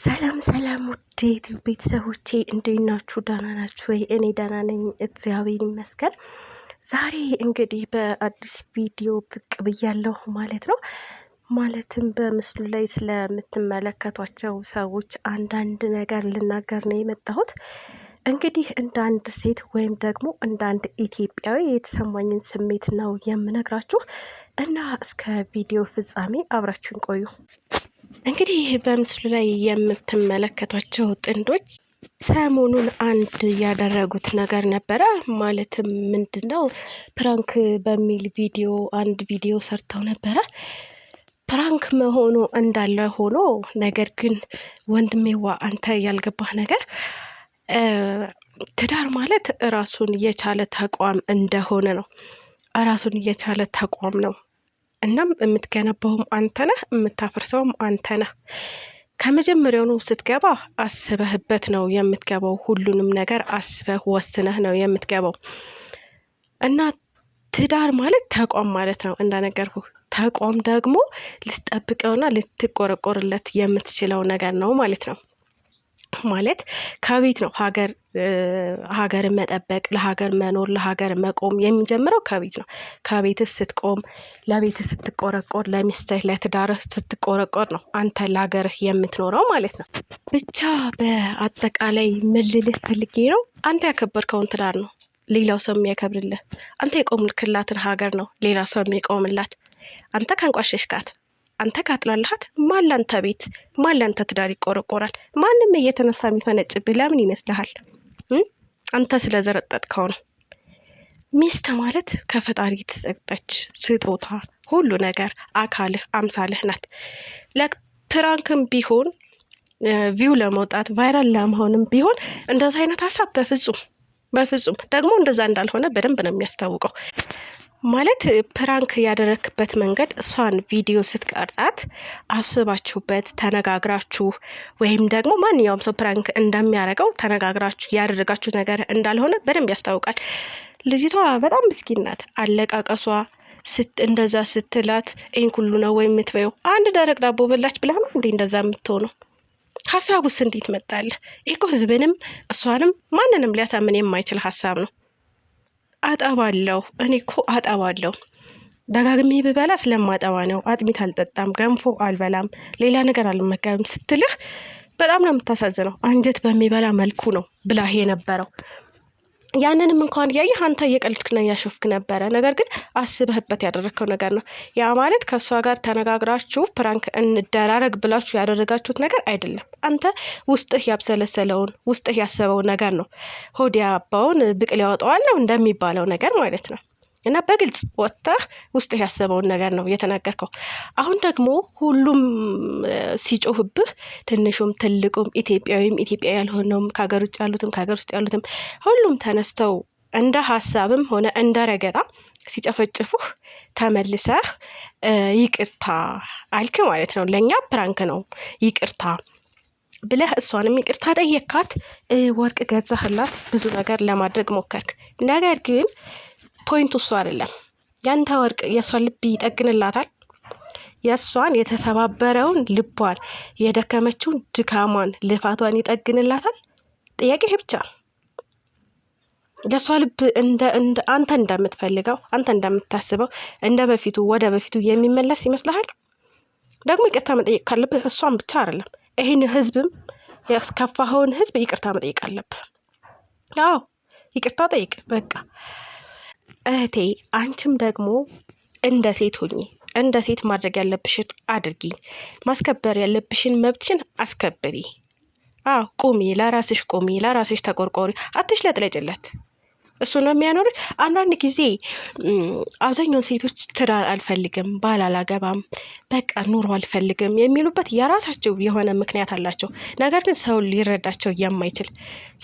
ሰላም ሰላም ውዴት ቤተሰቦቼ እንዴት ናችሁ? ዳና ናችሁ ወይ? እኔ ዳና ነኝ፣ እግዚአብሔር ይመስገን። ዛሬ እንግዲህ በአዲስ ቪዲዮ ብቅ ብያለሁ ማለት ነው። ማለትም በምስሉ ላይ ስለምትመለከቷቸው ሰዎች አንዳንድ ነገር ልናገር ነው የመጣሁት። እንግዲህ እንደ አንድ ሴት ወይም ደግሞ እንደ አንድ ኢትዮጵያዊ የተሰማኝን ስሜት ነው የምነግራችሁ እና እስከ ቪዲዮ ፍጻሜ አብራችሁን ቆዩ። እንግዲህ በምስሉ ላይ የምትመለከቷቸው ጥንዶች ሰሞኑን አንድ ያደረጉት ነገር ነበረ። ማለትም ምንድን ነው ፕራንክ በሚል ቪዲዮ አንድ ቪዲዮ ሰርተው ነበረ። ፕራንክ መሆኑ እንዳለ ሆኖ ነገር ግን ወንድሜዋ አንተ ያልገባህ ነገር ትዳር ማለት ራሱን የቻለ ተቋም እንደሆነ ነው። ራሱን የቻለ ተቋም ነው። እናም የምትገነባውም አንተ ነህ፣ የምታፈርሰውም አንተ ነህ። ከመጀመሪያውኑ ስትገባ አስበህበት ነው የምትገባው። ሁሉንም ነገር አስበህ ወስነህ ነው የምትገባው እና ትዳር ማለት ተቋም ማለት ነው እንዳነገርኩ። ተቋም ደግሞ ልትጠብቀውና ልትቆረቆርለት የምትችለው ነገር ነው ማለት ነው። ማለት ከቤት ነው ሀገር ሀገርን መጠበቅ ለሀገር መኖር ለሀገር መቆም የሚጀምረው ከቤት ነው። ከቤት ስትቆም ለቤት ስትቆረቆር ለሚስትህ ለትዳርህ ስትቆረቆር ነው አንተ ለሀገርህ የምትኖረው ማለት ነው። ብቻ በአጠቃላይ ምን ልልህ ፈልጌ ነው አንተ ያከበርከውን ትዳር ነው ሌላው ሰው የሚያከብርልህ። አንተ የቆምልክላትን ሀገር ነው ሌላ ሰው የሚቆምላት። አንተ ካንቋሸሽካት አንተ ካጥላልሃት ማን ላንተ ቤት ማን ላንተ ትዳር ይቆረቆራል? ማንም እየተነሳ የሚፈነጭብህ ለምን ይመስልሃል? አንተ ስለዘረጠጥከው ነው። ሚስት ማለት ከፈጣሪ የተሰጠች ስጦታ፣ ሁሉ ነገር አካልህ፣ አምሳልህ ናት። ለፕራንክም ቢሆን ቪው ለመውጣት ቫይራል ለመሆንም ቢሆን እንደዛ አይነት ሀሳብ በፍጹም በፍጹም። ደግሞ እንደዛ እንዳልሆነ በደንብ ነው የሚያስታውቀው። ማለት ፕራንክ ያደረክበት መንገድ እሷን ቪዲዮ ስትቀርጻት አስባችሁበት ተነጋግራችሁ ወይም ደግሞ ማንኛውም ሰው ፕራንክ እንደሚያደርገው ተነጋግራችሁ ያደረጋችሁ ነገር እንዳልሆነ በደንብ ያስታውቃል። ልጅቷ በጣም ምስኪን ናት። አለቃቀሷ እንደዛ ስትላት ይህን ሁሉ ነው ወይም የምትበየው አንድ ደረቅ ዳቦ በላች ብላ ነው እንደዛ የምትሆነው? ሀሳቡስ እንዴት መጣለ? ይህ እኮ ህዝብንም እሷንም ማንንም ሊያሳምን የማይችል ሀሳብ ነው። አጠባለሁ። እኔ እኮ አጠባለሁ ደጋግሜ ብበላ ስለማጠባ ነው። አጥሚት አልጠጣም፣ ገንፎ አልበላም፣ ሌላ ነገር አልመገብም ስትልህ በጣም ነው የምታሳዝነው። አንጀት በሚበላ መልኩ ነው ብላህ የነበረው። ያንንም እንኳን እያየህ አንተ ነው እያሸፍክ ነበረ። ነገር ግን አስበህበት ያደረግከው ነገር ነው። ያ ማለት ከእሷ ጋር ተነጋግራችሁ ፕራንክ እንደራረግ ብላችሁ ያደረጋችሁት ነገር አይደለም። አንተ ውስጥህ ያብሰለሰለውን ውስጥህ ያሰበው ነገር ነው። ሆድ ያባውን ብቅል ሊያወጣዋል ነው እንደሚባለው ነገር ማለት ነው። እና በግልጽ ወጥተህ ውስጥ ያሰበውን ነገር ነው እየተናገርከው። አሁን ደግሞ ሁሉም ሲጮህብህ ትንሹም ትልቁም ኢትዮጵያዊም ኢትዮጵያ ያልሆነውም ከሀገር ውጭ ያሉትም ከሀገር ውስጥ ያሉትም ሁሉም ተነስተው እንደ ሀሳብም ሆነ እንደ ረገጣ ሲጨፈጭፉህ ተመልሰህ ይቅርታ አልክ ማለት ነው። ለእኛ ፕራንክ ነው ይቅርታ ብለህ እሷንም ይቅርታ ጠየካት፣ ወርቅ ገዛህላት፣ ብዙ ነገር ለማድረግ ሞከርክ። ነገር ግን ፖይንቱ እሱ አይደለም። ያንተ ወርቅ የእሷ ልብ ይጠግንላታል። የእሷን የተሰባበረውን ልቧን የደከመችውን ድካሟን ልፋቷን ይጠግንላታል። ጥያቄ ብቻ የእሷ ልብ አንተ እንደምትፈልገው አንተ እንደምታስበው እንደ በፊቱ ወደ በፊቱ የሚመለስ ይመስልሃል? ደግሞ ይቅርታ መጠየቅ ካለብህ እሷን ብቻ አይደለም ይህን ህዝብም ያስከፋኸውን ህዝብ ይቅርታ መጠየቅ አለብህ። አዎ ይቅርታ ጠይቅ በቃ። እህቴ አንቺም ደግሞ እንደ ሴት ሁኚ። እንደ ሴት ማድረግ ያለብሽን አድርጊ። ማስከበር ያለብሽን መብትሽን አስከብሪ። አዎ ቁሚ፣ ለራስሽ ቁሚ፣ ለራስሽ ተቆርቆሪ። አትሽለጥለጭለት። እሱ ነው የሚያኖርሽ። አንዳንድ ጊዜ አብዛኛውን ሴቶች ትዳር አልፈልግም፣ ባል አላገባም፣ በቃ ኑሮ አልፈልግም የሚሉበት የራሳቸው የሆነ ምክንያት አላቸው። ነገር ግን ሰው ሊረዳቸው የማይችል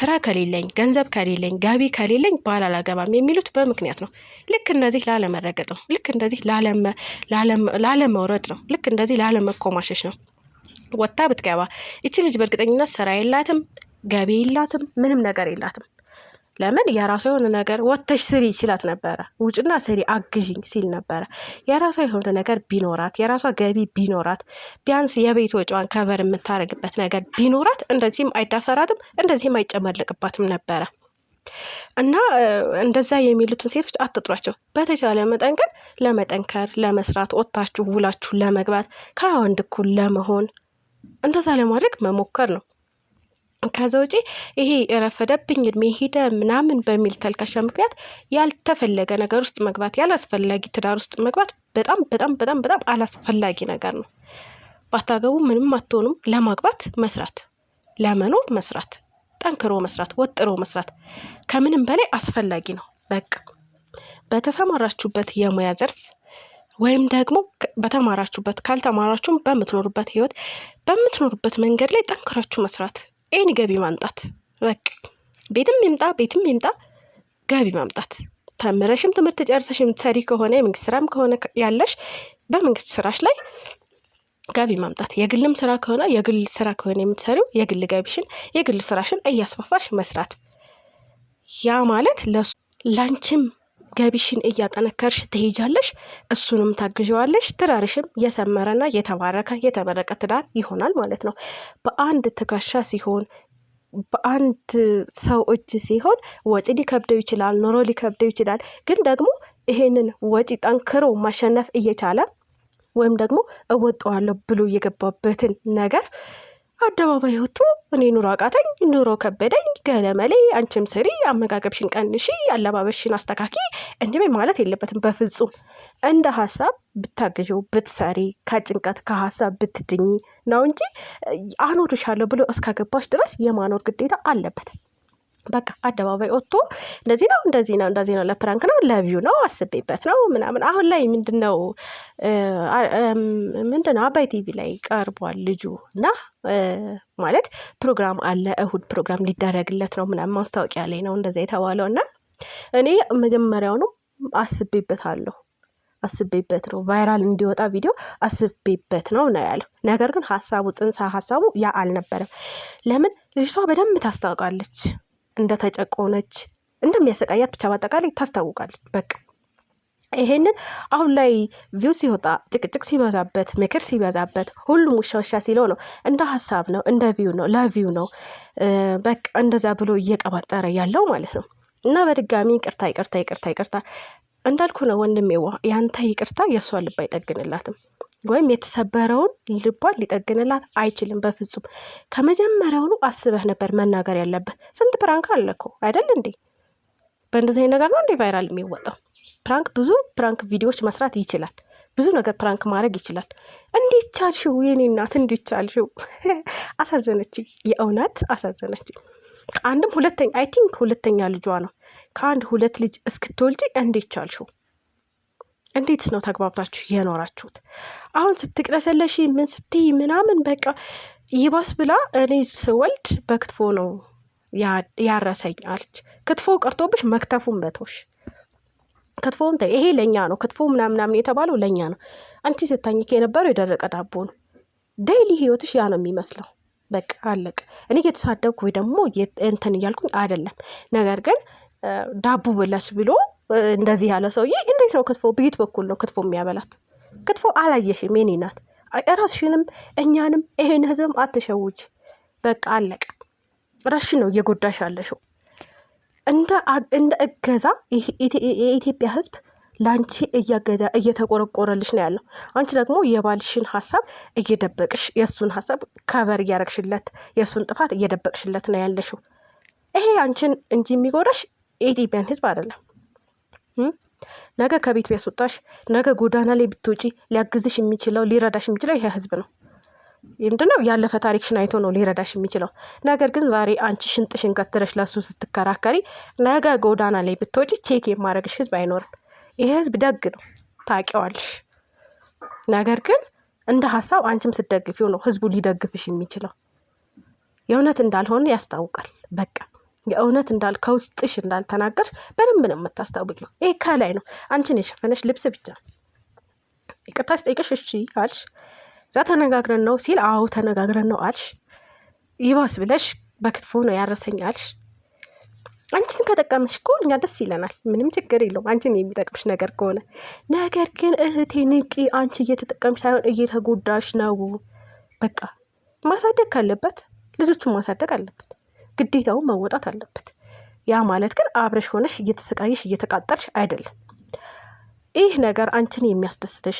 ስራ ከሌለኝ፣ ገንዘብ ከሌለኝ፣ ገቢ ከሌለኝ ባል አላገባም የሚሉት በምክንያት ነው። ልክ እንደዚህ ላለመረገጥ ነው። ልክ እንደዚህ ላለመውረድ ነው። ልክ እንደዚህ ላለመኮማሸሽ ነው። ወታ ብትገባ እቺ ልጅ በእርግጠኝነት ስራ የላትም፣ ገቢ የላትም፣ ምንም ነገር የላትም። ለምን የራሷ የሆነ ነገር ወተሽ ስሪ ሲላት ነበረ። ውጭና ስሪ አግዥኝ ሲል ነበረ። የራሷ የሆነ ነገር ቢኖራት የራሷ ገቢ ቢኖራት ቢያንስ የቤት ወጪዋን ከበር የምታደርግበት ነገር ቢኖራት እንደዚህም አይዳፈራትም፣ እንደዚህም አይጨመልቅባትም ነበረ። እና እንደዛ የሚሉትን ሴቶች አትጥሯቸው። በተቻለ መጠን ግን ለመጠንከር ለመስራት፣ ወጥታችሁ ውላችሁ ለመግባት ከወንድ እኩል ለመሆን እንደዛ ለማድረግ መሞከር ነው። ከዛ ውጪ ይሄ የረፈደብኝ እድሜ ሄደ ምናምን በሚል ተልካሻ ምክንያት ያልተፈለገ ነገር ውስጥ መግባት ያላስፈላጊ ትዳር ውስጥ መግባት በጣም በጣም በጣም በጣም አላስፈላጊ ነገር ነው። ባታገቡ ምንም አትሆኑም። ለማግባት መስራት፣ ለመኖር መስራት፣ ጠንክሮ መስራት፣ ወጥሮ መስራት ከምንም በላይ አስፈላጊ ነው። በቃ በተሰማራችሁበት የሙያ ዘርፍ ወይም ደግሞ በተማራችሁበት፣ ካልተማራችሁም በምትኖሩበት ህይወት በምትኖሩበት መንገድ ላይ ጠንክራችሁ መስራት ኤኒ ገቢ ማምጣት በቃ ቤትም ይምጣ ቤትም ይምጣ ገቢ ማምጣት። ተምረሽም ትምህርት ጨርሰሽ የምትሰሪ ከሆነ የመንግስት ስራም ከሆነ ያለሽ በመንግስት ስራሽ ላይ ገቢ ማምጣት፣ የግልም ስራ ከሆነ የግል ስራ ከሆነ የምትሰሪው የግል ገቢሽን የግል ስራሽን እያስፋፋሽ መስራት ያ ማለት ላንችም ገቢሽን እያጠነከርሽ ትሄጃለሽ። እሱንም ታግዣዋለሽ። ትዳርሽም የሰመረና የተባረከ የተመረቀ ትዳር ይሆናል ማለት ነው። በአንድ ትከሻ ሲሆን በአንድ ሰው እጅ ሲሆን ወጪ ሊከብደው ይችላል፣ ኑሮ ሊከብደው ይችላል። ግን ደግሞ ይሄንን ወጪ ጠንክሮ ማሸነፍ እየቻለ ወይም ደግሞ እወጣዋለሁ ብሎ የገባበትን ነገር አደባባይ ወጥቶ እኔ ኑሮ አቃተኝ፣ ኑሮ ከበደኝ፣ ገለመሌ አንቺም ስሪ፣ አመጋገብሽን ቀንሺ፣ አለባበሽን አስተካኪ እንዲህ ማለት የለበትም በፍጹም። እንደ ሀሳብ ብታገዢው ብትሰሪ፣ ከጭንቀት ከሀሳብ ብትድኚ ነው እንጂ አኖርሻለሁ ብሎ እስካገባሽ ድረስ የማኖር ግዴታ አለበት። በቃ አደባባይ ወጥቶ እንደዚህ ነው እንደዚህ ነው እንደዚህ ነው ለፕራንክ ነው ለቪው ነው አስቤበት ነው ምናምን። አሁን ላይ ምንድነው ምንድነው አባይ ቲቪ ላይ ቀርቧል ልጁ እና ማለት ፕሮግራም አለ እሁድ ፕሮግራም ሊደረግለት ነው ምናምን ማስታወቂያ ላይ ነው እንደዚያ የተባለው እና እኔ መጀመሪያውኑ አስቤበታለሁ አስቤበት ነው ቫይራል እንዲወጣ ቪዲዮ አስቤበት ነው ነው ያለው። ነገር ግን ሀሳቡ ጽንሰ ሀሳቡ ያ አልነበረም። ለምን ልጅቷ በደንብ ታስታውቃለች። እንደተጨቆነች እንደሚያሰቃያት ብቻ በአጠቃላይ ታስታውቃለች። በቃ ይሄንን አሁን ላይ ቪው ሲወጣ ጭቅጭቅ ሲበዛበት ምክር ሲበዛበት ሁሉም ውሻ ውሻ ሲለው ነው። እንደ ሀሳብ ነው፣ እንደ ቪው ነው፣ ለቪው ነው። በቃ እንደዛ ብሎ እየቀባጠረ ያለው ማለት ነው። እና በድጋሚ ይቅርታ ይቅርታ ይቅርታ ይቅርታ እንዳልኩ ነው ወንድሜዋ፣ ያንተ ይቅርታ የእሷ ልብ አይጠግንላትም። ወይም የተሰበረውን ልቧን ሊጠግንላት አይችልም በፍጹም። ከመጀመሪያውኑ አስበህ ነበር መናገር ያለብህ። ስንት ፕራንክ አለ እኮ አይደል እንዴ? በእንደዚህ ነገር ነው እንዴ ቫይራል የሚወጣው? ፕራንክ ብዙ ፕራንክ ቪዲዮዎች መስራት ይችላል። ብዙ ነገር ፕራንክ ማድረግ ይችላል። እንዴት ቻልሽው? የኔ እናት እንዴት ቻልሽው? የእውነት አሳዘነች ከአንድም ሁለተኛ አይ ቲንክ ሁለተኛ ልጇ ነው። ከአንድ ሁለት ልጅ እስክትወልጂ እንዴት ቻልሽው? እንዴት ነው ተግባብታችሁ የኖራችሁት? አሁን ስትቅለሰለሽ ምን ስትይ ምናምን በቃ ይባስ ብላ እኔ ስወልድ በክትፎ ነው ያረሰኝ አለች። ክትፎ ቀርቶብሽ መክተፉን ክትፎም ክትፎውን ይሄ ለእኛ ነው ክትፎ ምናምናምን የተባለው ለእኛ ነው። አንቺ ስታኝክ የነበረው የደረቀ ዳቦ ነው። ዴይሊ ህይወትሽ ያ ነው የሚመስለው። በቃ አለቅ። እኔ እየተሳደብኩ ወይ ደግሞ እንትን እያልኩኝ አይደለም። ነገር ግን ዳቦ በላሽ ብሎ እንደዚህ ያለ ሰውዬ እንዴት ነው ክትፎ ቤት በኩል ነው ክትፎ የሚያበላት? ክትፎ አላየሽም የኔ ናት። ራስሽንም እኛንም ይሄን ህዝብም አትሸውጅ። በቃ አለቀ። ራስሽን ነው እየጎዳሽ ያለሽው። እንደ እገዛ የኢትዮጵያ ህዝብ ለአንቺ እያገዛ እየተቆረቆረልሽ ነው ያለው። አንቺ ደግሞ የባልሽን ሀሳብ እየደበቅሽ የእሱን ሀሳብ ከበር እያረግሽለት የእሱን ጥፋት እየደበቅሽለት ነው ያለሽው። ይሄ አንቺን እንጂ የሚጎዳሽ የኢትዮጵያን ህዝብ አይደለም። ነገ ከቤት ቢያስወጣሽ ነገ ጎዳና ላይ ብትወጪ ሊያግዝሽ የሚችለው ሊረዳሽ የሚችለው ይሄ ህዝብ ነው። ምንድነው ያለፈ ታሪክሽን አይቶ ነው ሊረዳሽ የሚችለው። ነገር ግን ዛሬ አንቺ ሽንጥሽን ቀትረሽ ለሱ ስትከራከሪ ነገ ጎዳና ላይ ብትወጪ ቼክ የማድረግሽ ህዝብ አይኖርም። ይሄ ህዝብ ደግ ነው ታውቂዋለሽ። ነገር ግን እንደ ሀሳብ አንቺም ስትደግፊው ነው ህዝቡ ሊደግፍሽ የሚችለው። የእውነት እንዳልሆነ ያስታውቃል። በቃ የእውነት እንዳል ከውስጥሽ እንዳልተናገርሽ በደንብ ነው የምታስታውቂው። ይሄ ከላይ ነው አንቺን የሸፈነሽ ልብስ ብቻ። ይቅርታ ሲጠይቅሽ እሺ አልሽ፣ እዛ ተነጋግረን ነው ሲል አዎ ተነጋግረን ነው አልሽ። ይባስ ብለሽ በክትፎ ነው ያረሰኝ አልሽ። አንቺን ከጠቀምሽ እኮ እኛ ደስ ይለናል። ምንም ችግር የለውም፣ አንቺን የሚጠቅምሽ ነገር ከሆነ ነገር ግን እህቴ ንቂ፣ አንቺ እየተጠቀምሽ ሳይሆን እየተጎዳሽ ነው። በቃ ማሳደግ ካለበት ልጆቹን ማሳደግ አለበት። ግዴታውን መወጣት አለበት። ያ ማለት ግን አብረሽ ሆነሽ እየተሰቃየሽ እየተቃጠልሽ አይደለም። ይህ ነገር አንቺን የሚያስደስትሽ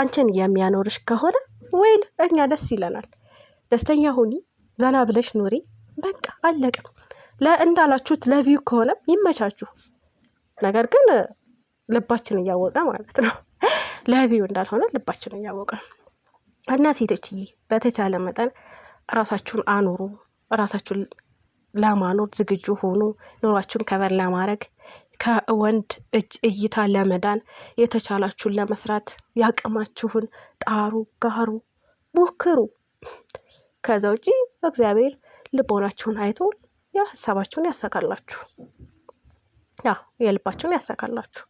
አንቺን የሚያኖርሽ ከሆነ ወይል እኛ ደስ ይለናል። ደስተኛ ሁኒ፣ ዘና ብለሽ ኑሪ። በቃ አለቅም። እንዳላችሁት ለቪው ከሆነም ይመቻችሁ። ነገር ግን ልባችን እያወቀ ማለት ነው ለቪው እንዳልሆነ ልባችን እያወቀ እና ሴቶችዬ፣ በተቻለ መጠን ራሳችሁን አኑሩ ራሳችሁን ለማኖር ዝግጁ ሆኖ ኑሯችሁን ከበር ለማድረግ ከወንድ እጅ እይታ ለመዳን የተቻላችሁን ለመስራት ያቅማችሁን ጣሩ፣ ጋሩ፣ ሞክሩ። ከዛ ውጪ እግዚአብሔር ልቦናችሁን አይቶ ሀሳባችሁን ያሳካላችሁ፣ ያ የልባችሁን ያሳካላችሁ።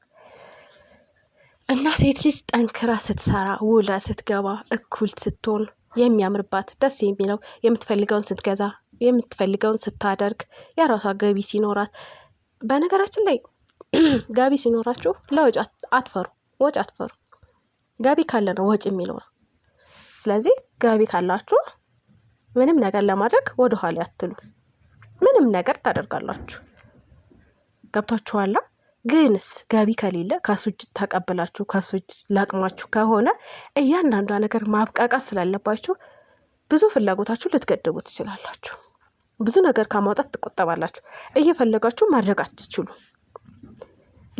እና ሴት ልጅ ጠንክራ ስትሰራ ውላ ስትገባ እኩል ስትሆን የሚያምርባት ደስ የሚለው የምትፈልገውን ስትገዛ የምትፈልገውን ስታደርግ የራሷ ገቢ ሲኖራት፣ በነገራችን ላይ ገቢ ሲኖራችሁ ለወጪ አትፈሩ፣ ወጪ አትፈሩ። ገቢ ካለ ነው ወጪ የሚኖረው። ስለዚህ ገቢ ካላችሁ ምንም ነገር ለማድረግ ወደኋላ አትሉ፣ ምንም ነገር ታደርጋላችሁ። ገብታችኋላ። ግንስ ገቢ ከሌለ ከሱ እጅ ተቀብላችሁ ከሱ እጅ ላቅማችሁ ከሆነ እያንዳንዷ ነገር ማብቃቃት ስላለባችሁ ብዙ ፍላጎታችሁ ልትገድቡ ትችላላችሁ። ብዙ ነገር ከማውጣት ትቆጠባላችሁ። እየፈለጋችሁ ማድረግ አትችሉ።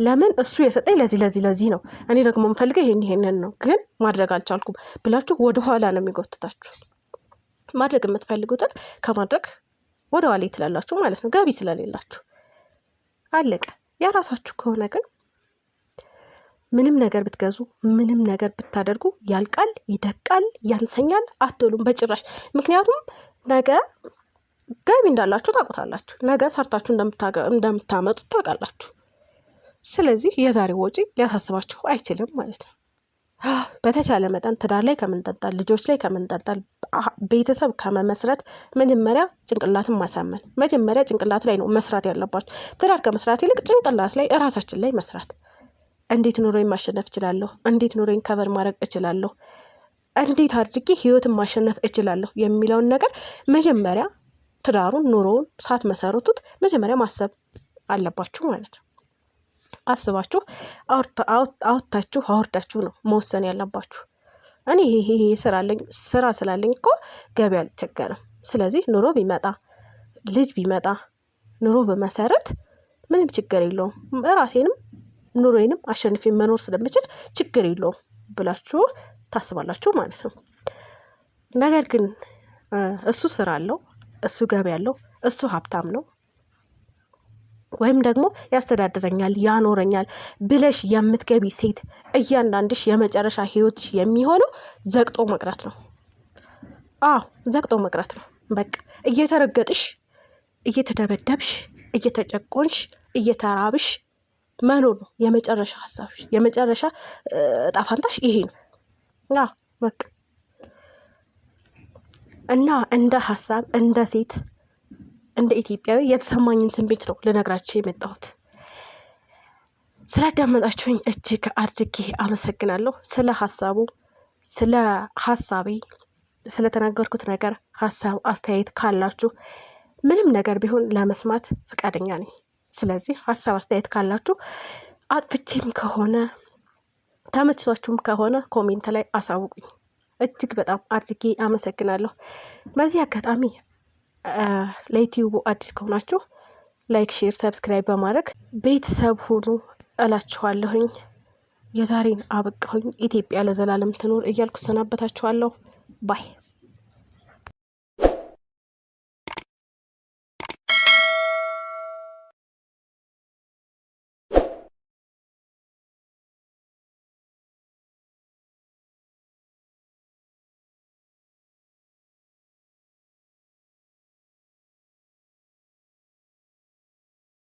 ለምን እሱ የሰጠኝ ለዚህ ለዚህ ለዚህ ነው፣ እኔ ደግሞ የምፈልገው ይሄን ይሄንን ነው፣ ግን ማድረግ አልቻልኩም ብላችሁ ወደኋላ ነው የሚጎትታችሁ። ማድረግ የምትፈልጉትን ከማድረግ ወደኋላ ትላላችሁ ማለት ነው፣ ገቢ ስለሌላችሁ አለቀ። የራሳችሁ ከሆነ ግን ምንም ነገር ብትገዙ ምንም ነገር ብታደርጉ ያልቃል፣ ይደቃል፣ ያንሰኛል አትሉም በጭራሽ። ምክንያቱም ነገ ገቢ እንዳላችሁ ታውቁታላችሁ። ነገ ሰርታችሁ እንደምታመጡት ታውቃላችሁ። ስለዚህ የዛሬ ወጪ ሊያሳስባችሁ አይችልም ማለት ነው። በተቻለ መጠን ትዳር ላይ ከምንጠጣል ልጆች ላይ ከምንጠጣል ቤተሰብ ከመመስረት መጀመሪያ ጭንቅላትን ማሳመን መጀመሪያ ጭንቅላት ላይ ነው መስራት ያለባችሁ። ትዳር ከመስራት ይልቅ ጭንቅላት ላይ እራሳችን ላይ መስራት። እንዴት ኑሮኝ ማሸነፍ እችላለሁ? እንዴት ኑሮኝ ከበር ማድረግ እችላለሁ? እንዴት አድርጌ ህይወትን ማሸነፍ እችላለሁ? የሚለውን ነገር መጀመሪያ ትዳሩን ኑሮውን ሳትመሰርቱት መጀመሪያ ማሰብ አለባችሁ ማለት ነው። አስባችሁ አውጥታችሁ አውርዳችሁ ነው መወሰን ያለባችሁ። እኔ ይሄ ይሄ ስራ ስላለኝ እኮ ገቢ አልቸገርም። ስለዚህ ኑሮ ቢመጣ ልጅ ቢመጣ ኑሮ በመሰረት ምንም ችግር የለውም ራሴንም ኑሮዬንም አሸንፌ መኖር ስለምችል ችግር የለውም ብላችሁ ታስባላችሁ ማለት ነው። ነገር ግን እሱ ስራ አለው እሱ ገቢ ያለው እሱ ሀብታም ነው ወይም ደግሞ ያስተዳድረኛል ያኖረኛል ብለሽ የምትገቢ ሴት እያንዳንድሽ የመጨረሻ ህይወትሽ የሚሆነው ዘግጦ መቅረት ነው። አዎ ዘግጦ መቅረት ነው። በቃ እየተረገጥሽ፣ እየተደበደብሽ፣ እየተጨቆንሽ፣ እየተራብሽ መኖር ነው የመጨረሻ ሀሳብሽ። የመጨረሻ እጣ ፈንታሽ ይሄ ነው። በቃ እና እንደ ሀሳብ እንደ ሴት እንደ ኢትዮጵያዊ የተሰማኝን ስሜት ነው ልነግራቸው የመጣሁት። ስላዳመጣችሁኝ እጅግ አድርጌ አመሰግናለሁ። ስለ ሀሳቡ ስለ ሀሳቤ ስለተናገርኩት ነገር ሀሳብ፣ አስተያየት ካላችሁ ምንም ነገር ቢሆን ለመስማት ፈቃደኛ ነኝ። ስለዚህ ሀሳብ አስተያየት ካላችሁ አጥፍቼም ከሆነ ተመችቷችሁም ከሆነ ኮሜንት ላይ አሳውቁኝ። እጅግ በጣም አድርጌ አመሰግናለሁ። በዚህ አጋጣሚ ለዩቲዩቡ አዲስ ከሆናችሁ ላይክ፣ ሼር፣ ሰብስክራይብ በማድረግ ቤተሰብ ሁኑ እላችኋለሁኝ። የዛሬን አበቃሁኝ። ኢትዮጵያ ለዘላለም ትኖር እያልኩ ሰናበታችኋለሁ። ባይ